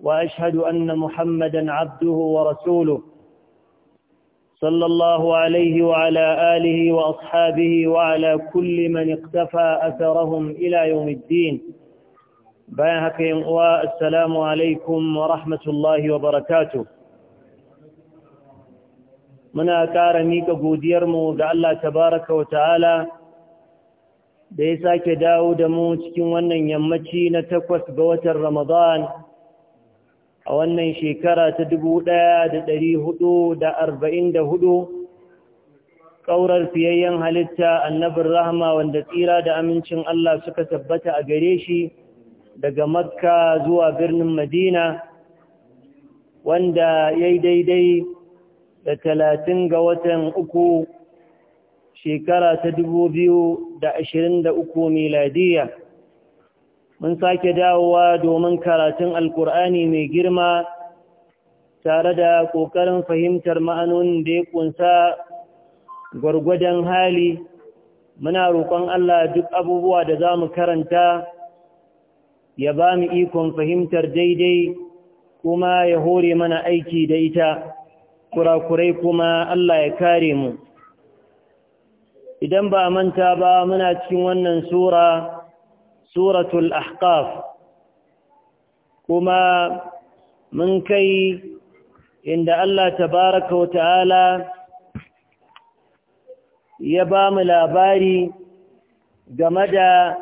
وأشهد أن محمدا عبده ورسوله صلى الله عليه وعلى آله وأصحابه وعلى كل من اقتفى أثرهم إلى يوم الدين بيهك والسلام عليكم ورحمة الله وبركاته من ƙara mika godiyarmu ga Allah tabaraka wa ta'ala da ya sake dawo da mu رمضان a wannan shekara ta dubu ɗaya da ɗari hudu, ƙaurar fiyayyen halitta annabin rahama wanda tsira da amincin Allah suka tabbata a gare shi daga makka zuwa birnin madina wanda ya yi daidai da talatin ga watan uku shekara ta dubu da da ashirin uku miladiyya mun sake dawowa domin karatun alkur'ani mai girma tare da ƙoƙarin fahimtar ma'anonin da ya ƙunsa gwargwadon hali muna roƙon Allah duk abubuwa da za mu karanta ya ba mu ikon fahimtar daidai kuma ya hore mana aiki da ita kurakurai kuma Allah ya kare mu idan ba manta ba muna cikin wannan sura suratul ahqaf kuma mun kai inda Allah tabaraka ta'ala ya ba mu labari game da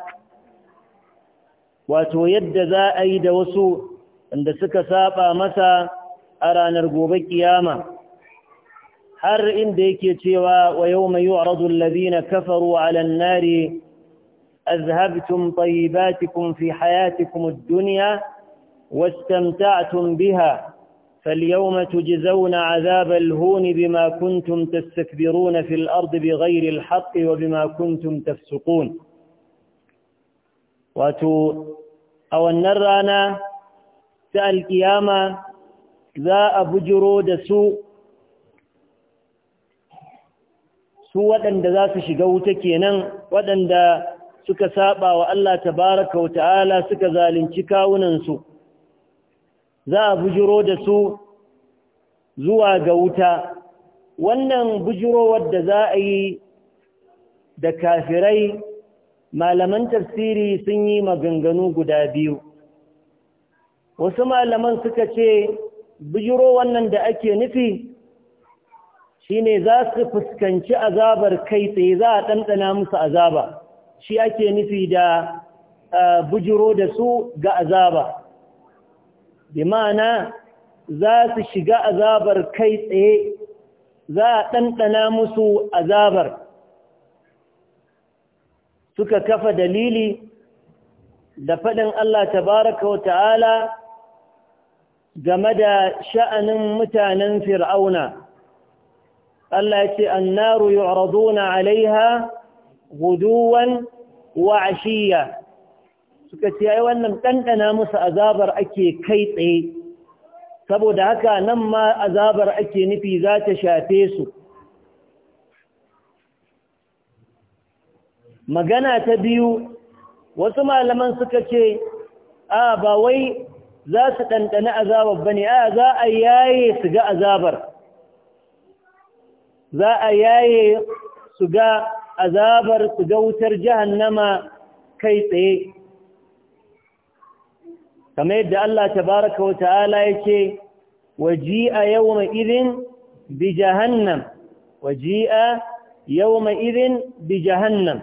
wato yadda za a yi da wasu inda suka saba masa a ranar gobe ƙiyama, har inda yake cewa wa yau mai yi a radun labina kafaru a alannari أذهبتم طيباتكم في حياتكم الدنيا واستمتعتم بها فاليوم تجزون عذاب الهون بما كنتم تستكبرون في الأرض بغير الحق وبما كنتم تفسقون واتو أو النرانا سأل قيامة ذا أبجرو دسو su waɗanda za su shiga wuta kenan suka saba wa Allah tabaraka wa ta'ala suka zalunci kawunansu za a bujiro da su zuwa ga wuta wannan bujirowar da za a yi da kafirai malaman tafsiri sun yi maganganu guda biyu wasu malaman suka ce bujiro wannan da ake nufi shine za su fuskanci azabar kai tsaye za a ɗanɗana musu azaba shi ake nufi da bujiro da su ga azaba bi ma'ana za su shiga azabar kai tsaye za a ɗanɗana musu azabar suka kafa dalili da faɗin Allah tabaraka wa ta'ala game da sha'anin mutanen fir'auna Allah ya ce annaru yu'raduna alaiha guduwan وعشيا suka ce ai wannan ɗanɗana musu azabar ake kai tsaye saboda haka nan ma azabar ake nufi za ta shafe su magana ta biyu wasu malaman suka ce a ba wai za su ɗanɗana azabar ba ne a za a yaye su ga azabar za a yaye su ga azabar su ga wutar jahannama kai tsaye kamar yadda Allah tabaraka wa ta'ala yake waji'a yawma idin bi jahannam waji'a yawma idin bi jahannam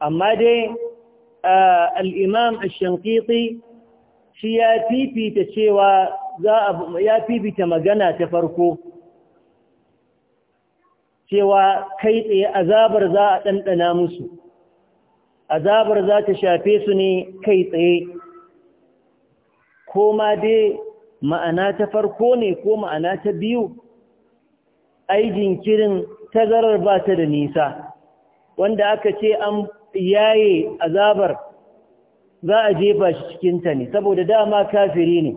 amma dai al-imam shi ya fifita cewa za ya fifita magana ta farko cewa kai tsaye azabar za a ɗanɗana musu azabar za ta shafe su ne kai tsaye ko ma dai ma'ana ta farko ne ko ma'ana ta biyu Aijin kirin tazarar ba ta da nisa wanda aka ce an yaye azabar za a jefa shi cikinta ne saboda dama kafiri ne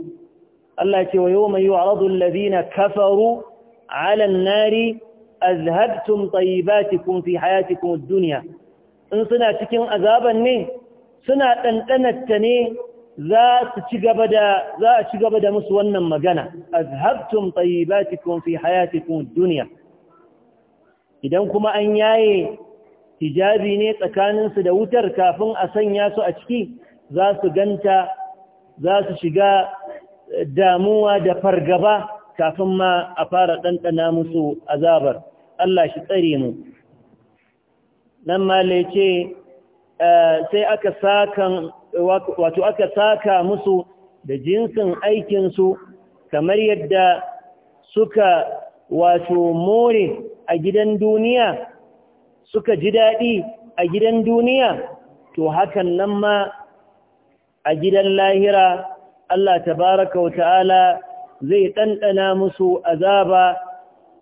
Allah ce wa yau mai yi wa arzun kafaru alan nari azhabtum tayyibatikum fi hayatikum ad-dunya in suna cikin azaban ne suna ɗanɗanarta ne za su ci gaba da za a ci gaba da musu wannan magana azhabtum tayyibatikum fi hayatikum ad-dunya idan kuma an yaye hijabi ne tsakaninsu da wutar kafin a sanya su a ciki za su ganta za su shiga damuwa da fargaba kafin ma a fara ɗanɗana musu azabar Allah shi tsare mu nan ma ce eh, sai aka sakan wato aka saka musu da jinsin aikinsu kamar yadda suka wato more a gidan duniya suka ji daɗi a gidan duniya to hakan nan ma a gidan lahira Allah tabaraka wa ta'ala zai ɗanɗana musu azaba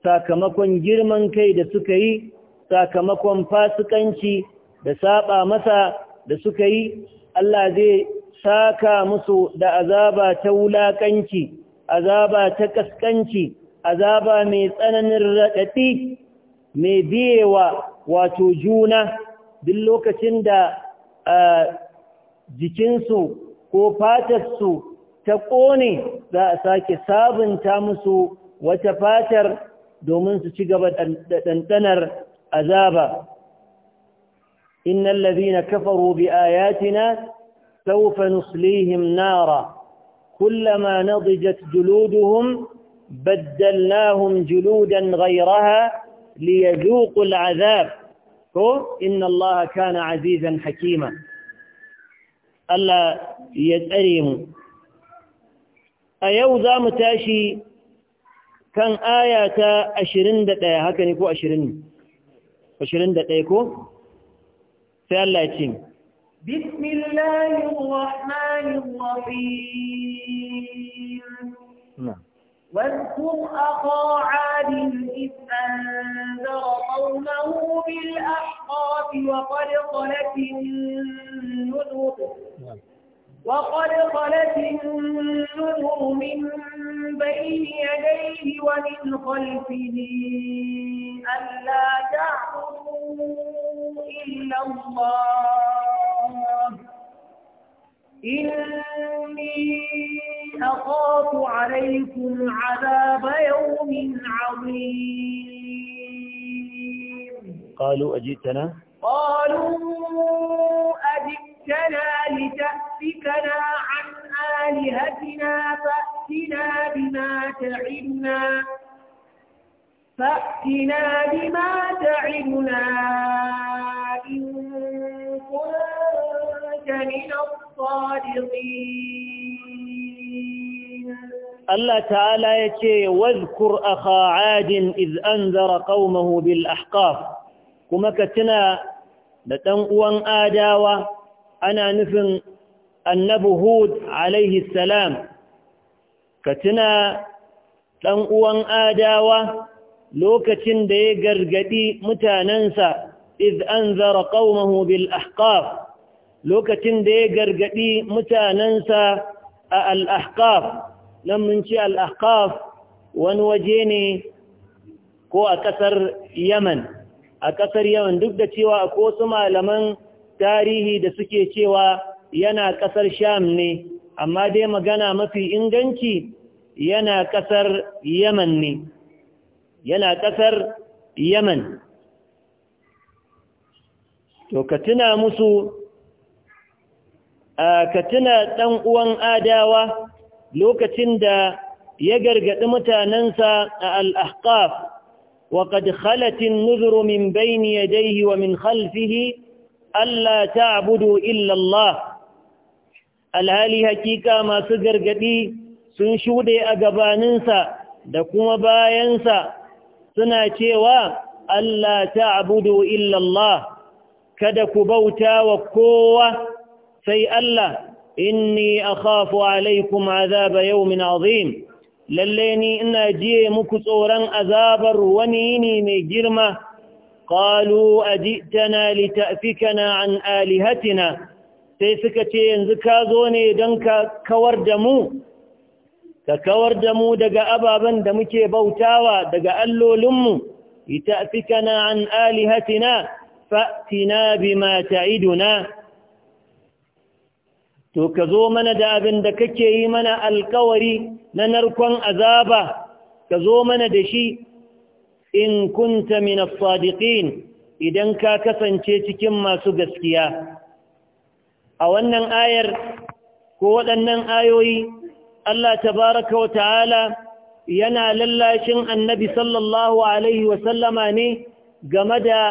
sakamakon girman kai da suka yi sakamakon fasikanci da saba masa da suka yi Allah zai saka musu da azaba ta wulaƙanci azaba ta kaskanci azaba mai tsananin raɗaɗi mai biyewa wato juna duk lokacin da ah, jikinsu ko fatarsu تقوني ذا ساكي سابن تامسو وتفاتر دومن سجبا تنتنر أذابا إن الذين كفروا بآياتنا سوف نصليهم نارا كلما نضجت جلودهم بدلناهم جلودا غيرها ليذوقوا العذاب هو إن الله كان عزيزا حكيما ألا يتأريموا a yau za mu tashi kan aya ta 21 haka ne ko 20 21 ko sai Allah ya ce bismillahir rahmanir rahim na'am واذكر أخا عاد إذ أنذر قومه بالأحقاف وقد خلت النذر وقد خلت النذر من بين يديه ومن خلفه ألا تعبدوا إلا الله إني أخاف عليكم عذاب يوم عظيم قالوا أجئتنا قالوا أجئتنا جئتنا لتأفكنا عن آلهتنا فأتنا بما تعدنا فأتنا بما تعدنا إن كنت من الصادقين الله تعالى يتي واذكر أخا عاد إذ أنذر قومه بالأحقاف كما كتنا لتنقوا آداوة ana nufin annabi hud alaihi salam ka tuna ɗan uwan adawa lokacin da ya gargaɗi mutanensa iz an zara ƙaunahu bil ahqaf lokacin da ya gargaɗi mutanensa a al-ahqaf nan mun ci al wani waje ne ko a ƙasar yaman a ƙasar yaman duk da cewa ko su malaman tarihi da suke cewa yana ƙasar sham ne amma dai magana mafi inganci yana ƙasar yaman ne yana ƙasar yaman to ka tuna musu ka tuna ɗan uwan adawa lokacin da ya gargaɗi mutanensa a al'ahqaf wa kad khalatin nuzuru min bayni yadayhi wa min khalfihi Allah ta abudu illallah, alhali hakika masu gargadi sun shuɗe a gabaninsa da kuma bayansa suna cewa Allah ta'budu abudu illallah. kada ku bauta wa kowa sai Allah inni akhafu alaikum azaba min azim lalle ni ina jiye muku tsoron azabar wani yini mai girma Kalu waje tana littafi kan sai suka ce yanzu ka zo ne don ka kawar da mu, ka kawar da mu daga ababen da muke bautawa daga allolinmu, littafi kana an'ali hatina fa tina bimata iduna. To ka zo mana da abin da kake yi mana alkawari na narkon azaba, ka zo mana da shi. in kunta min as-sadiqin idan ka kasance cikin masu gaskiya a wannan ayar ko waɗannan ayoyi Allah tabaaraka wa ta'ala yana lallashin annabi sallallahu alaihi wa sallama ne game da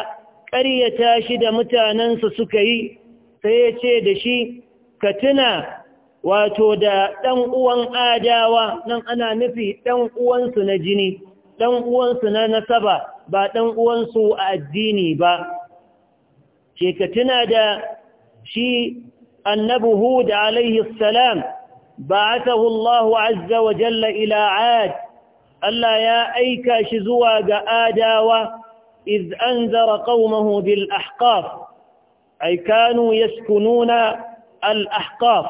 ƙaryata shi da mutanensa suka yi sai ya ce da shi ka tuna wato da ɗan uwan adawa nan ana nufi ɗan uwansu na jini ɗan uwansu na nasaba ba ɗan uwansu a addini ba ce ka tuna da shi annabi hud alaihi salam بعثه الله عز وجل إلى عاد ألا يا أيكا شزواج آداوة إذ أنذر قومه بالأحقاف أي كانوا يسكنون الأحقاف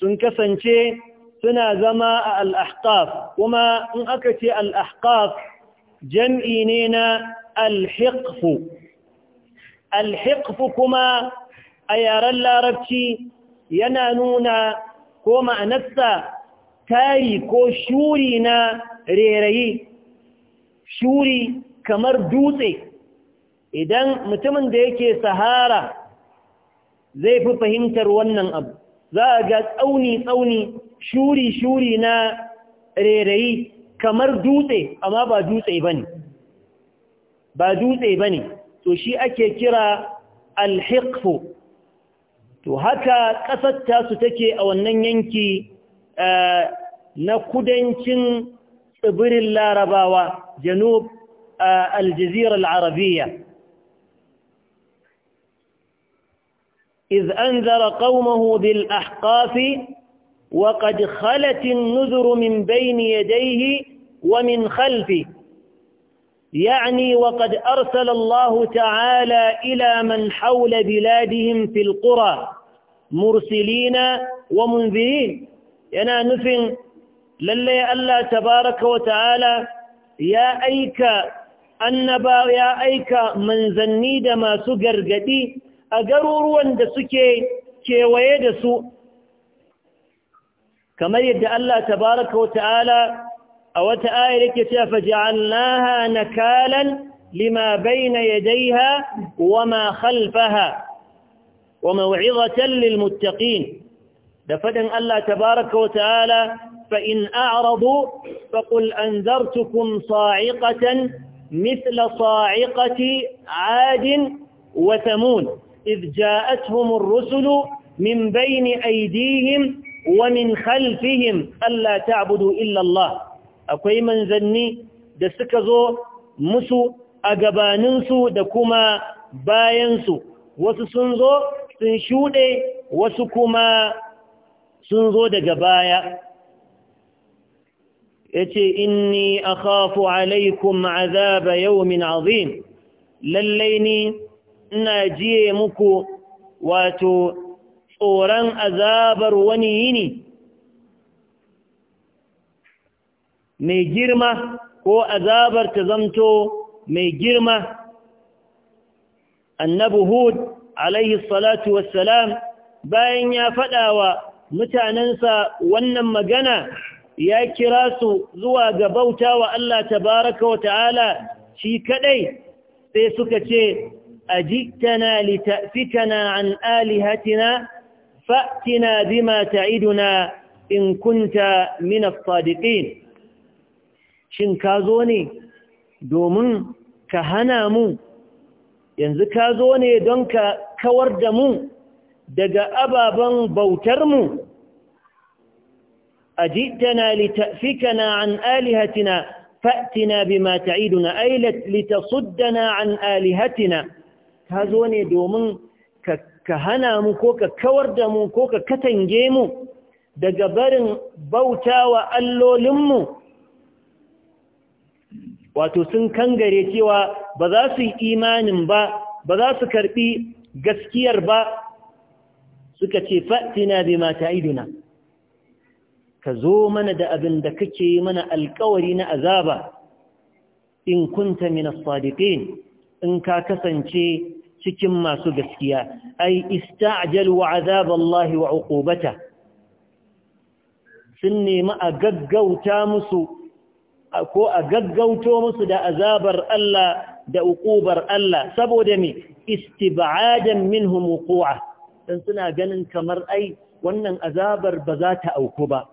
سنكسن شيء suna zama a al'ahqaf kuma in aka ce al'ahqaf jam'i ne na alhiqfu alhiqfu kuma a yaren larabci yana nuna ko ma'anarsa tari ko shuri na rairayi shuri kamar dutse idan mutumin da yake sahara zai fi fahimtar wannan abu za a ga tsauni-tsauni shuri-shuri na rerayi kamar dutse amma ba dutse ba ne ba dutse ba ne to shi ake kira alhikfu to haka ƙasar tasu take a wannan yanki eh, na kudancin tsibirin larabawa janub eh, aljazirar arabiya إذ أنذر قومه بالأحقاف وقد خلت النذر من بين يديه ومن خلفه يعني وقد أرسل الله تعالى إلى من حول بلادهم في القرى مرسلين ومنذرين ينا نفن للي ألا تبارك وتعالى يا أيك النبا يا أيك من زنيد ما سجر قدي أقرروا أن كي ويدسو كما يدى الله تبارك وتعالى أو تآيلك فجعلناها نكالا لما بين يديها وما خلفها وموعظة للمتقين دفدن الله تبارك وتعالى فإن أعرضوا فقل أنذرتكم صاعقة مثل صاعقة عاد وثمون إذ جاءتهم الرسل من بين أيديهم wa min khalfihim Allah ta'budu illa Allah akwai manzanni da suka zo musu a gabaninsu da kuma bayansu wasu sun zo sun shuɗe wasu kuma sun zo daga baya ya ce ni a khafu alaikum azaba min azim lallai ni ina jiye muku wato tsoron azabar wani yini mai girma ko azabar ta zamto mai girma annabi hud alaihi salatu wassalam bayan ya faɗawa mutanensa wannan magana ya kira su zuwa ga bauta wa Allah tabaraka wa ta'ala shi kadai sai suka ce ajitana litatfikana an alihatina فأتنا بما تعدنا إن كنت من الصادقين shin ka zo ne domin ka hana mu yanzu ka zo ne don ka kawar da mu daga ababen bautar mu ajitana litafikana an alihatina fa'tina bima ta'iduna ay litasudana an alihatina ka zo ne domin ka ka hana mu ko ka kawar da mu ko ka katange mu daga barin bauta wa allolinmu wato sun kangare cewa ba za su yi imanin ba ba za su karbi gaskiyar ba suka ce fatina bi mata iduna ka zo mana da abin da kake yi mana alkawari na azaba in kunta min as-sadiqin in ka kasance cikin masu gaskiya ai ista'jalu azab Allah wa uqubata sun nemi a gaggauta musu ko a gaggauto musu da azabar Allah da uqubar Allah saboda me istib'adan minhum wuqu'a dan suna ganin kamar ai wannan azabar ba za ta auku ba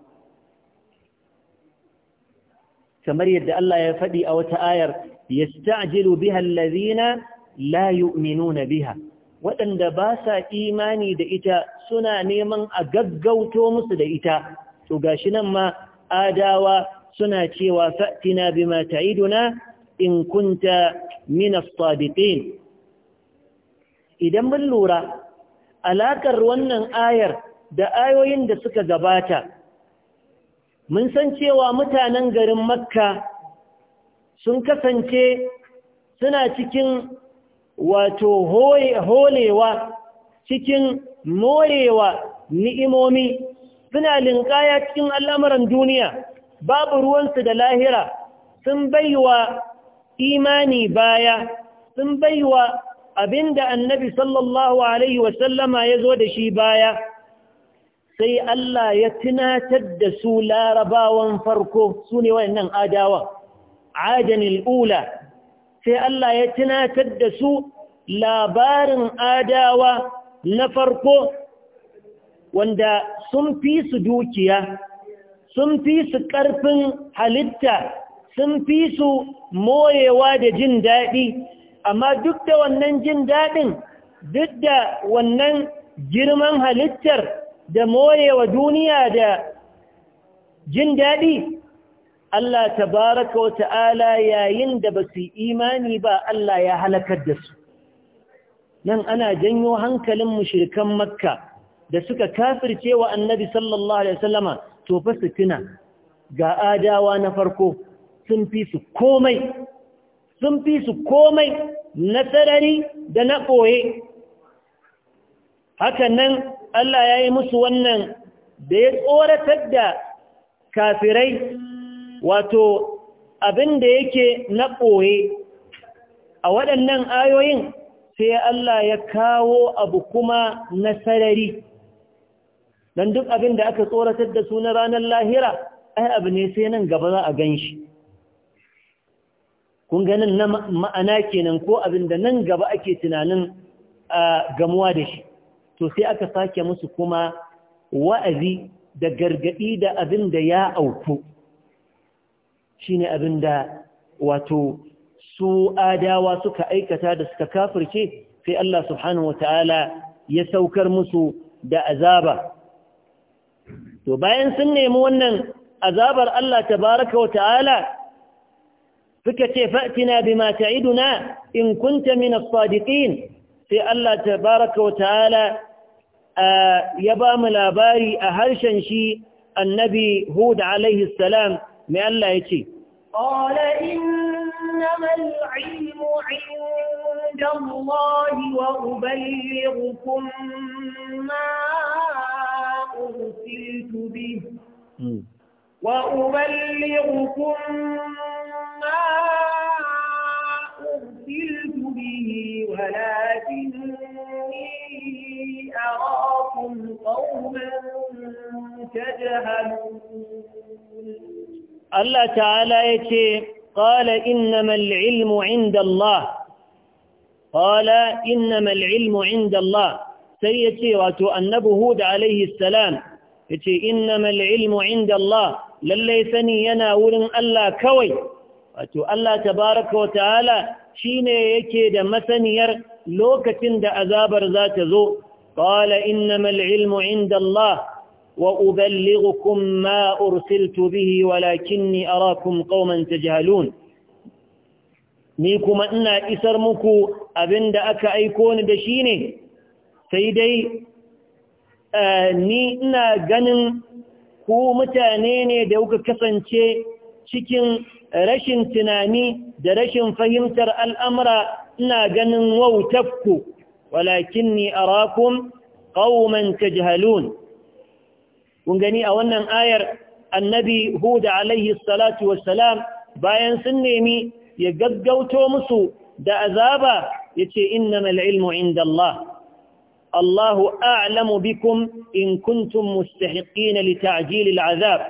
kamar yadda Allah ya faɗi a wata ayar yasta'jilu biha allazina la yu'minuna biha waɗanda ba sa imani da ita suna neman a gaggauto musu da ita to gashi nan ma adawa suna cewa fa'tina bima ta'iduna in kunta min as-sadiqin idan mun lura alakar wannan ayar da ayoyin da suka gabata mun san cewa mutanen garin makka sun kasance suna cikin wato holewa cikin morewa ni'imomi suna linƙaya cikin al'amuran duniya babu ruwansu da lahira sun baiwa imani baya sun baiwa abinda annabi sallallahu alaihi wasallama ya zo da shi baya sai Allah ya tunatar da su larabawan farko su ne wayannan adawa adanil sai Allah ya tunatar da su labarin adawa na farko wanda sun fi su dukiya sun fi su ƙarfin halitta sun fi su moyewa da jin daɗi amma duk da wannan jin daɗin duk da wannan girman halittar da moyewa duniya da jin daɗi Allah tabaraka wa ta'ala yayin da ba su imani ba Allah ya halakar da su nan ana janyo hankalin mushirkan makka da suka kafirce wa annabi sallallahu alaihi wasallama to su tuna ga adawa na farko sun fi su komai sun fi su komai na sarari da na ɓoye. Haka nan Allah ya yi musu wannan da ya tsoratar da kafirai wato abin da yake na ɓoye a waɗannan ayoyin sai Allah ya kawo abu kuma na sarari don duk abin da aka tsoratar da su na ranar lahira ai abu ne sai nan gaba za a gan shi kun ganin na ma'ana kenan ko abin da nan gaba ake tunanin a gamuwa da shi to sai aka sake musu kuma wa'azi da gargaɗi da abin da ya auku shine abin da wato su adawa suka aikata da suka kafirce sai Allah subhanahu wataala ya saukar musu da azaba to bayan sun nemi wannan azabar Allah tabaraka wataala suka ce fa'tina bima ta'iduna in kunta min as-sadiqin sai Allah tabaraka wataala ya ba mu labari a harshen shi annabi Hud alaihi salam me Allah ya قال إنما العلم عند الله وأبلغكم ما أرسلت به وأبلغكم ما أرسلت به ولكني أراكم قوما تجهلون Allah ta'ala ya ce ƙala innamal ilmu inda Allah ƙala innamal ilmu inda Allah sai ya ce wato annabi huda alaihi salam ya ce innamal ilmu inda Allah lallai sani yana wurin Allah kawai wato Allah tabaraka wa ta'ala shine yake da masaniyar lokacin da azabar za ta zo ƙala innamal ilmu inda Allah وأبلغكم ما أرسلت به ولكني أراكم قوما تجهلون نيكم أنا إسر مكو أبند أكا أيكون دشيني سيدي آه ni ina ganin ku mutane ne da kuka kasance cikin rashin tunani da rashin fahimtar al'amura ina ganin wautafku. walakin ni arakum ta tajhalun kun gani a wannan ayar annabi huda alaihi salatu wassalam bayan sun nemi ya gaggauto musu da azaba ya ce innamal ilmu inda Allah Allahu a'lamu bikum in kuntum mustahiqina li ta'jilil azab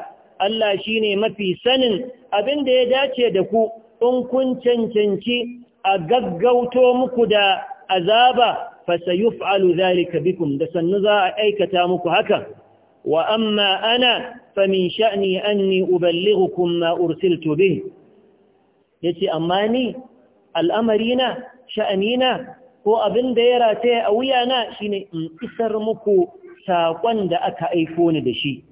Allah shine mafi sanin abin da ya dace da ku in kun cancanci a gaggauto muku da azaba fasayuf'alu dhalika bikum da sannu za a aikata muku haka وأما أنا فمن شأني أني أبلغكم ما أرسلت به يتي أماني الأمرين شأنينا ko abin da ya rataya a wuyana shine in isar muku saƙon da aka aiko ni da shi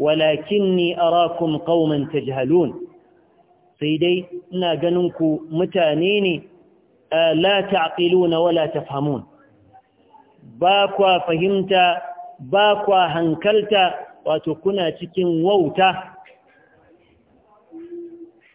walakinni arakum qauman tajhalun sai dai ina ganin ku mutane ne eh, la na wala tafhamun ba kwa fahimta ba kwa hankalta wato kuna cikin wauta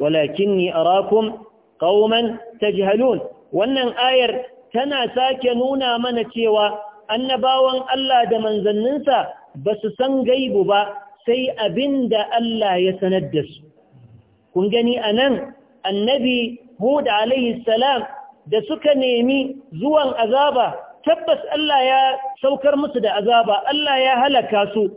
arakun arakum qauman tajhalun wannan ayar tana sake nuna mana cewa annabawan Allah da manzanninsa ba su san gaibu ba sai abinda Allah ya sanar da su kun gani nan, annabi Huda alaihi da suka nemi zuwan azaba tabbas Allah ya saukar musu da azaba Allah ya halaka su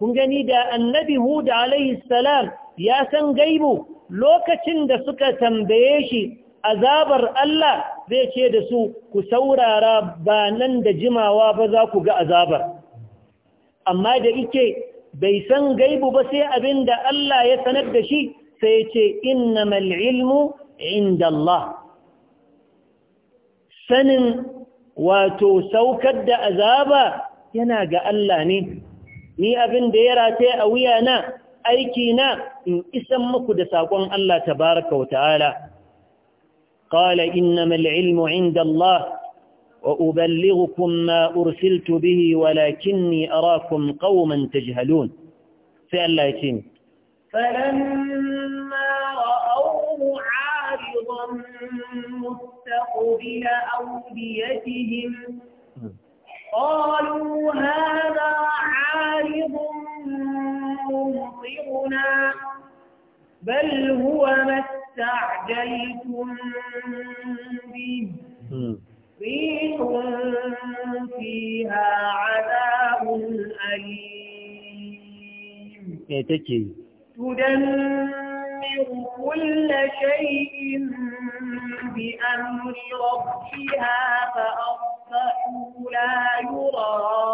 kun gani da annabi Hud alayhi salam ya san gaibu lokacin da suka tambaye shi azabar Allah zai ce da su ku saurara ba nan da jimawa ba za ku ga azabar amma da ike bai san gaibu ba sai abin da Allah ya sanar da shi sai ce innamal ilmu inda Allah sanin wato saukar da azaba yana ga Allah ne ni abin da ya rataye a wuya na aiki na in isan muku da saƙon Allah tabaraka wa ta'ala qala innamal ilmu 'inda Allah وأبلغكم bihi أرسلت به ولكني tajhalun. قوما تجهلون فألا يتين فلما رأوه عارضا أو أوديتهم قالوا هذا عارض ممطرنا بل هو ما استعجلتم به ريح فيها عذاب أليم إيه تدمر كل شيء بأمر ربها فأصبحوا لا يرى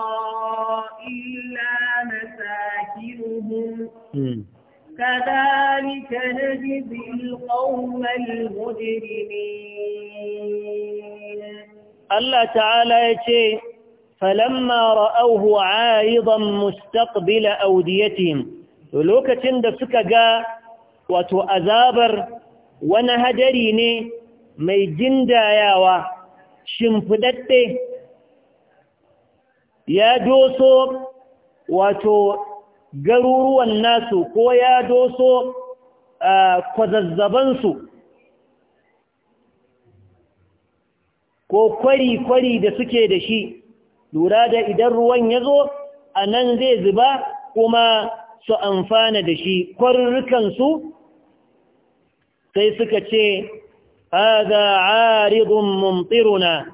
إلا مساكنهم كذلك نجزي القوم المجرمين الله تعالى يتي فلما رأوه عارضا مستقبل أوديتهم ولوكا تندسك جاء وتؤذابر wani mai jindayawa shimfiɗaɗɗe ya doso wato garuruwan nasu ko ya doso kwazazzabansu ko kwari-kwari da suke da shi lura da idan ruwan ya zo a nan zai zuba kuma su amfana da shi kwarurrukansu sai suka ce haza aridun mumtiruna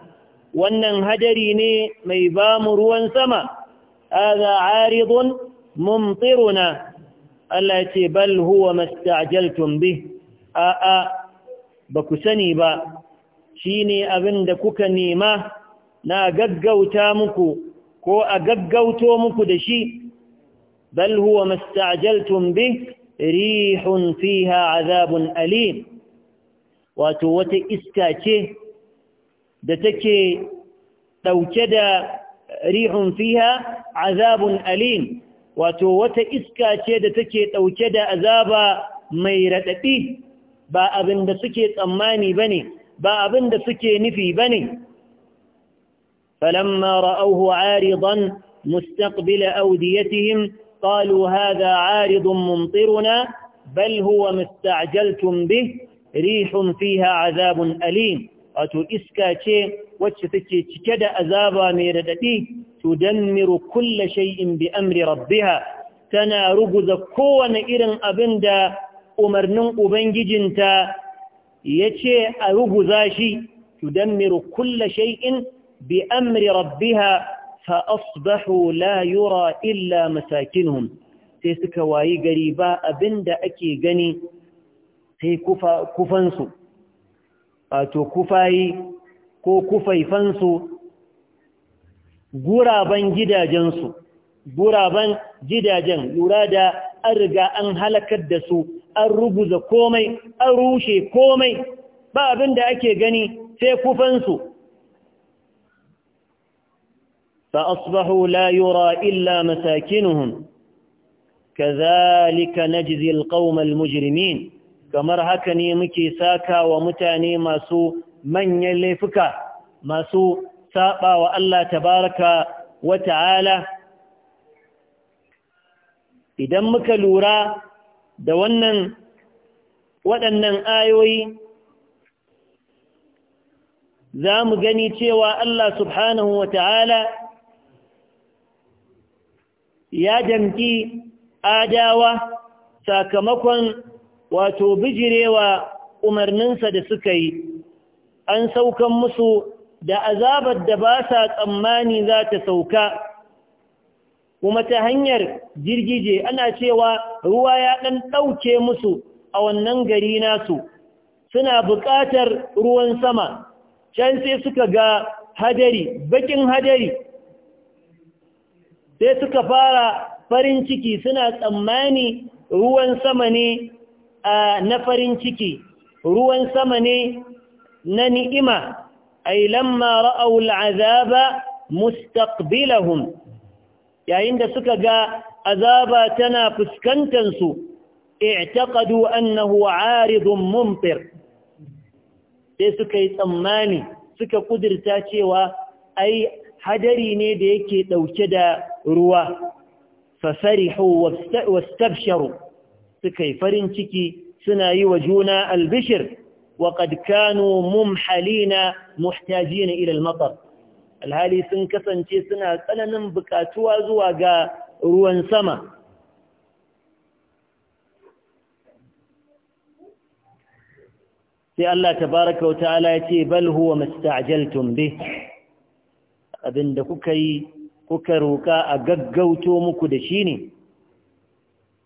wannan hadari ne mai ba mu ruwan sama haza aridun mumtiruna Allah ce bal huwa mastajaltum bih a'a ba ku sani ba shine abin da kuka nema na gaggauta muku ko a gaggauto muku da shi bal huwa mastajaltum bih rihun fiha azabun alim wato wata iska ce da take dauke da rihun fiha azabun alim wato wata iska ce da take dauke da azaba mai radadi ba abin da suke tsammani bane ba abin da suke nufi bane ne falamma ra'auhu aridan mustaqbila audiyatihim qalu hadha aridun mumtiruna bal huwa mustajaltum bih rihun fiha azabun ali wato iska ce wacce take cike da azaba mai radadi tudammiru kulla shay'in bi amri rabbiha tana ruguza kowane irin abin da umarnin ubangijinta yace a ruguza shi tudammiru kulla shay'in bi amri rabbiha fa asbahu la yura illa masakinuhum sai suka wayi gari ba abinda ake gani sai kufa kufansu wato kufayi ko kufaifansu guraben gidajensu guraben gidajen lura da an riga an halakar da su an rubuza komai an rushe komai ba abin da ake gani sai kufansu asbahu la yura illa masakinuhum كذلك نجزي القوم المجرمين kamar haka ne muke saka wa mutane masu manyan laifuka masu saba wa Allah tabaraka wa ta'ala idan muka lura da wannan waɗannan ayoyi za mu gani cewa Allah subhanahu wa ta'ala ya damki adawa sakamakon wato bijirewa umarninsa da suka yi an saukan musu da azabar da ba sa tsammani za ta sauka kuma ta hanyar girgije ana cewa ruwa ya ɗan ɗauke musu a wannan gari nasu suna buƙatar ruwan sama can sai suka ga hadari bakin hadari sai suka fara farin ciki suna tsammani ruwan sama ne na farin ciki ruwan sama ne na ni'ima ay lamma ra'aw al'azaba mustaqbilahum yayin da suka ga azaba tana fuskantar su i'taqadu annahu 'aridun mumtir sai suka yi tsammani suka kudirta cewa ai hadari ne da yake dauke da ruwa fasarihu wastabsharu suka yi farin ciki suna yi wa juna albishir wa qad kanu mumhalina muhtajina ila ilal matar alhali sun kasance suna tsananin bukatuwa zuwa ga ruwan sama sai Allah tabaraka wa ta'ala ya ce bal huwa masta'jaltum bih abinda kuka yi kuka roka a gaggauto muku da shi ne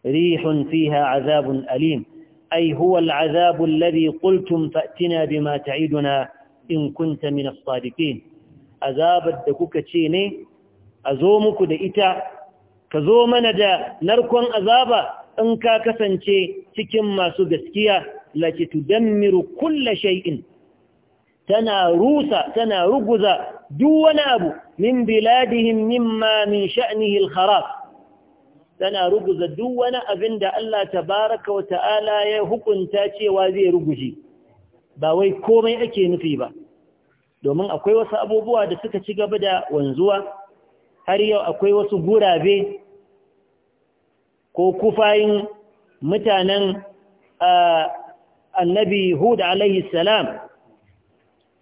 ريح فيها عذاب أليم أي هو العذاب الذي قلتم فأتنا بما تعيدنا إن كنت من الصادقين عذاب الدكوكة تشيني أزومك دئتا كزومنا دا نركن عذابا إنكا كسنشي ما سجسكيا التي تدمر كل شيء تنا روسا تنا رجزا دون أبو من بلادهم مما من شأنه الخراب tana ruguza duk wani abin da Allah tabaraka wa ta'ala ya hukunta cewa zai ruguje ba wai komai ake nufi ba domin akwai wasu abubuwa da suka ci gaba da wanzuwa har yau akwai wasu gurabe ko kufayin mutanen annabi hud salam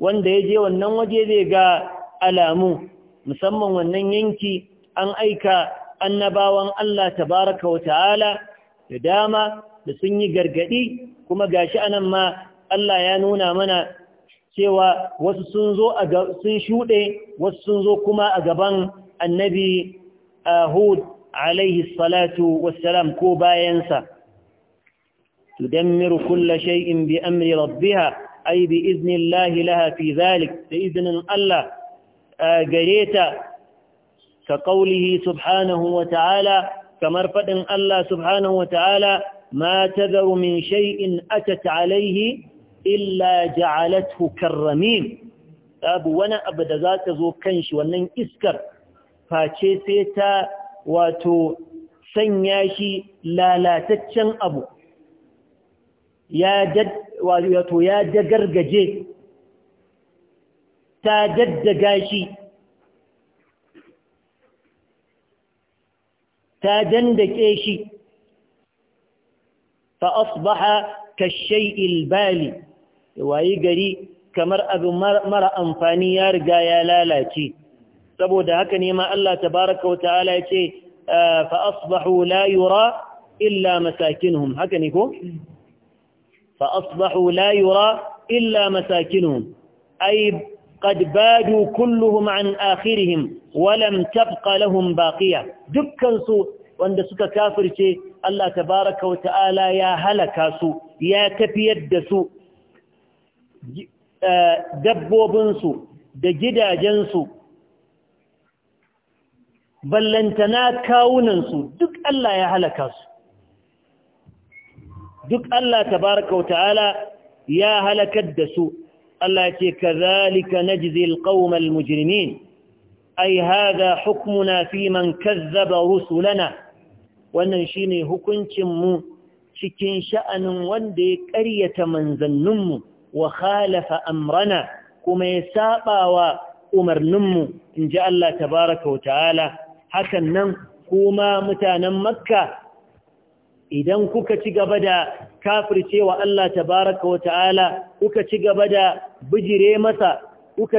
wanda ya je wannan waje zai ga alamu musamman wannan yanki an aika annabawan Allah tabaraka wa ta'ala da dama da sun yi gargadi kuma gashi anan ma Allah ya nuna mana cewa wasu sun zo sun shuɗe wasu sun zo kuma a gaban annabi Hud alaihi salatu wassalam ko bayansa tudammiru kulla shay'in bi amri rabbiha ai bi izni lahi laha fi zalik da iznin Allah gare ta ka ƙaulihi subhanahu wa ta’ala, kamar faɗin Allah subhanahu wa ta’ala, ma ta zaru min shai’in aka ta’alaihi, illa ja’alat hukar ramin, ɗabu wani abu da za ta zo kan shi wannan iskar, face sai ta wato sanya shi lalataccen abu, ya dagargaje, ta daddaga shi. ta dandake shi fa asbaha kashay'il bali wayi gari kamar abu mara amfani ya riga ya lalace saboda haka ne ma Allah tabaraka wa ta'ala ya ce ah, fa asbahu la yura illa masakinuhum haka ne ko fa asbahu la yura illa masakinuhum ay قد بادوا كلهم عن آخرهم ولم تبقى لهم باقية دكان سوء وأن سكا كافر شيء الله تبارك وتعالى يا هلكا سوء يا تبيد سوء da gidajensu ballantana kawunansu duk Allah ya halaka duk Allah tabaraka ya halakar da su Allah ce kazalika jizil alqawma almujrimin ai hada hukmuna fi man kazzaba rusulana wannan shine hukuncin mu cikin sha'anin wanda ya ƙaryata manzanninmu wa amrana kuma ya saɓa wa umarninmu inji Allah tabaraka wa ta'ala hakan nan kuma mutanen makka idan kuka ci gaba da wa Allah tabaraka wa ta'ala kuka ci gaba da bijire masa kuka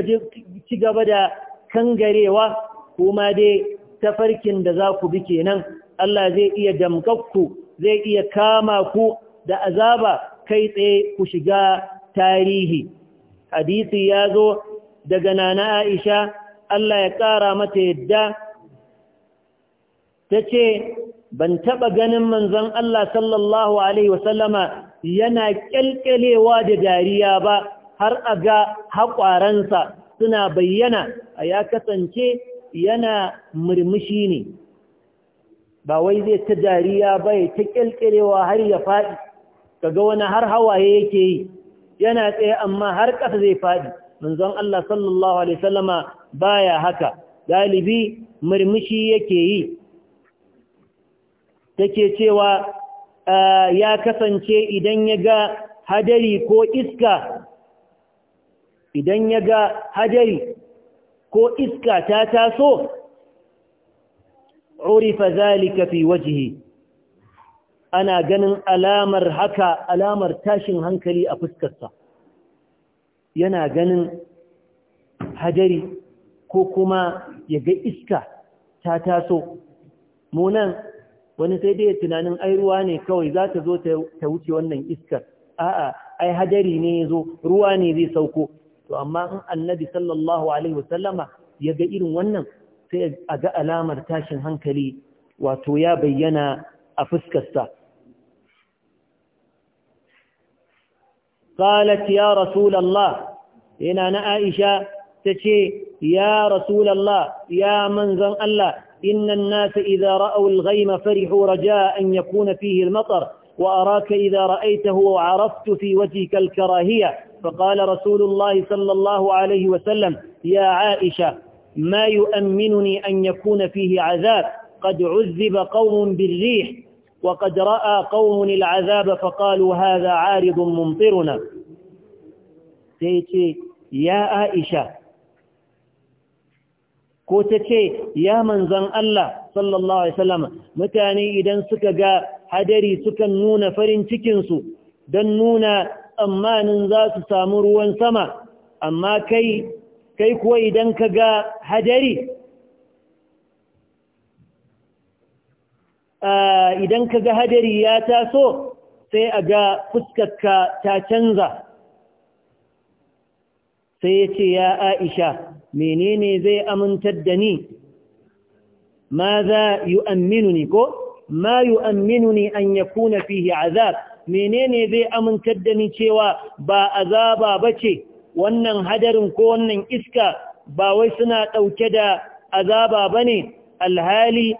ci gaba da kangarewa kuma dai tafarkin da za ku bi kenan Allah zai iya damkakku zai iya kama ku da azaba kai tsaye ku shiga tarihi hadisi ya zo daga nana Aisha Allah ya ƙara mata yadda ta ce ban taɓa ganin manzon Allah sallallahu Alaihi wasallama yana ƙyalƙyalewa da dariya ba har a ga haƙwaransa suna bayyana a ya kasance yana murmushi ne ba wai zai ta dariya ba ya ta ƙyalƙyalewa har ya faɗi kaga wani har hawaye yake yi yana tsaye amma har ƙasa zai faɗi manzon Allah sallallahu Alaihi wasallama baya haka galibi murmushi yake yi take cewa ya kasance idan ya ga hadari ko iska idan ya ga hadari ko iska ta taso urifa zalika fi wajhi ana ganin alamar haka alamar tashin hankali a fuskarsa yana ganin hadari ko kuma ya ga iska ta taso munan wani sai dai tunanin ai ruwa ne kawai za ta zo ta wuce wannan iskar a'a ai hadari ne ya zo ruwa ne zai sauko to amma in annabi sallallahu alaihi wasallama ya ga irin wannan sai a ga alamar tashin hankali wato ya bayyana a fuskarsa قالت يا رسول الله yana na Aisha ta ce, “Ya Rasulallah, ya manzan Allah, إن الناس إذا رأوا الغيم فرحوا رجاء أن يكون فيه المطر وأراك إذا رأيته وعرفت في وجهك الكراهية فقال رسول الله صلى الله عليه وسلم يا عائشة ما يؤمنني أن يكون فيه عذاب قد عذب قوم بالريح وقد رأى قوم العذاب فقالوا هذا عارض ممطرنا سيتي يا عائشة ko ta ce ya manzan Allah sallallahu Alaihi wasallam mutane idan suka ga hadari sukan nuna farin cikinsu don nuna tsammanin za su samu ruwan sama amma kai kai kuwa idan ka ga hadari idan ka ga hadari ya taso sai a ga fuskarka ta canza sai ya ce ya aisha menene zai amintar da ni ma za yi amminuni ko ma yi amminuni an ya kuna fihi azab menene zai amintar da ni cewa ba azaba ba ce wannan hadarin ko wannan iska ba wai suna ɗauke da azaba ba ne alhali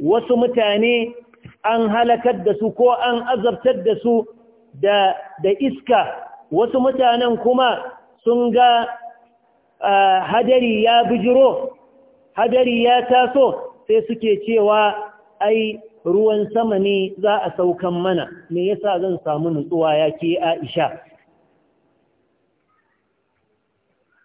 wasu mutane an halakar da su ko an azabtar da su da iska wasu mutanen kuma sun ga hadari ya bijiro hadari ya taso sai suke cewa ai ruwan sama ne za a saukan mana me yasa zan samu nutsuwa ya ke aisha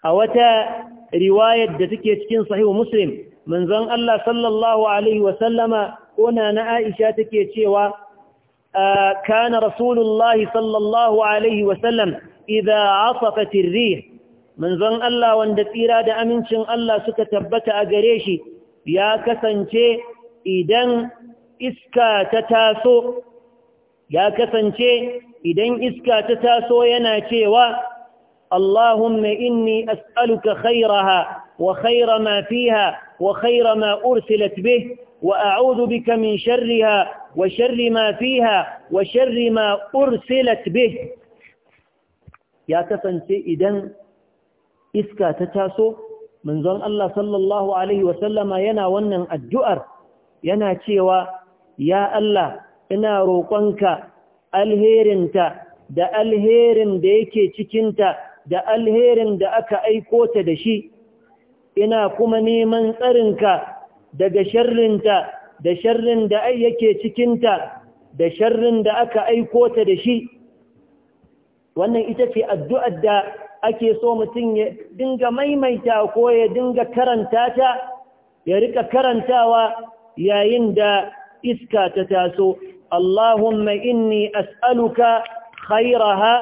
a wata riwayar da take cikin sahihu muslim manzon Allah sallallahu alaihi wasallama kona na aisha take cewa kana rasulullahi sallallahu alaihi wasallam idza asafat ar-rih manzon Allah wanda tsira da amincin Allah suka tabbata a gare shi ya kasance idan iska ta taso ya kasance idan iska ta taso yana cewa Allahumma inni as'aluka khairaha wa khaira ma fiha wa khaira ma ursilat bih wa a'udhu bika min sharriha wa sharri ma fiha wa sharri ma ursilat bih ya kasance idan iska ta taso manzon Allah sallallahu alaihi wasallama yana wannan addu'ar yana cewa ya Allah ina roƙonka alherinta da alherin da yake cikinta da alherin da aka aiko ta da shi ina kuma neman tsarinka daga sharrinta da sharrin da yake cikinta da sharrin da aka aiko ta da shi wannan ita ce addu'ar da ake so mutum ya dinga maimaita ko ya dinga karanta ta ya rika karantawa yayin da iska ta taso Allahumma inni as'aluka khairaha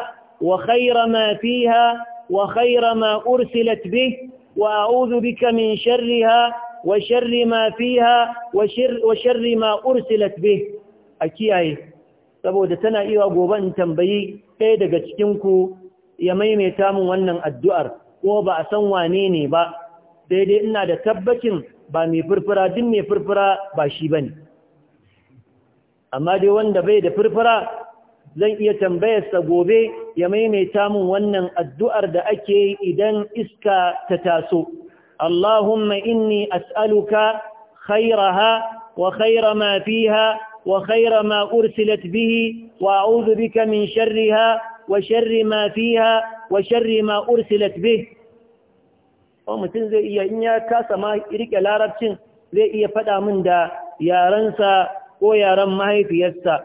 wa khaira ma fiha wa khaira ma ursilat bih wa a'udhu bika min sharriha wa sharri ma fiha wa sharri ma ursilat bih a kiyaye saboda tana iya goban tambayi ɗaya daga cikin ku ya maimaita min wannan addu'ar ko ba a san wane ne ba daidai ina da tabbacin ba mai furfura din mai furfura ba shi bane amma dai wanda bai da furfura zan iya tambayarsa gobe ya maimaita min wannan addu'ar da ake yi idan iska ta taso Allahumma inni as'aluka khairaha wa khaira ma fiha wa khaira ma ursilat bihi wa a'udhu bika min sharriha وشر ما فيها وشر ما أرسلت به ومتن زي إيا إنيا كاسا ما إريك العرب سن زي إيا فتا من دا يا رنسا ويا رمهي في يسا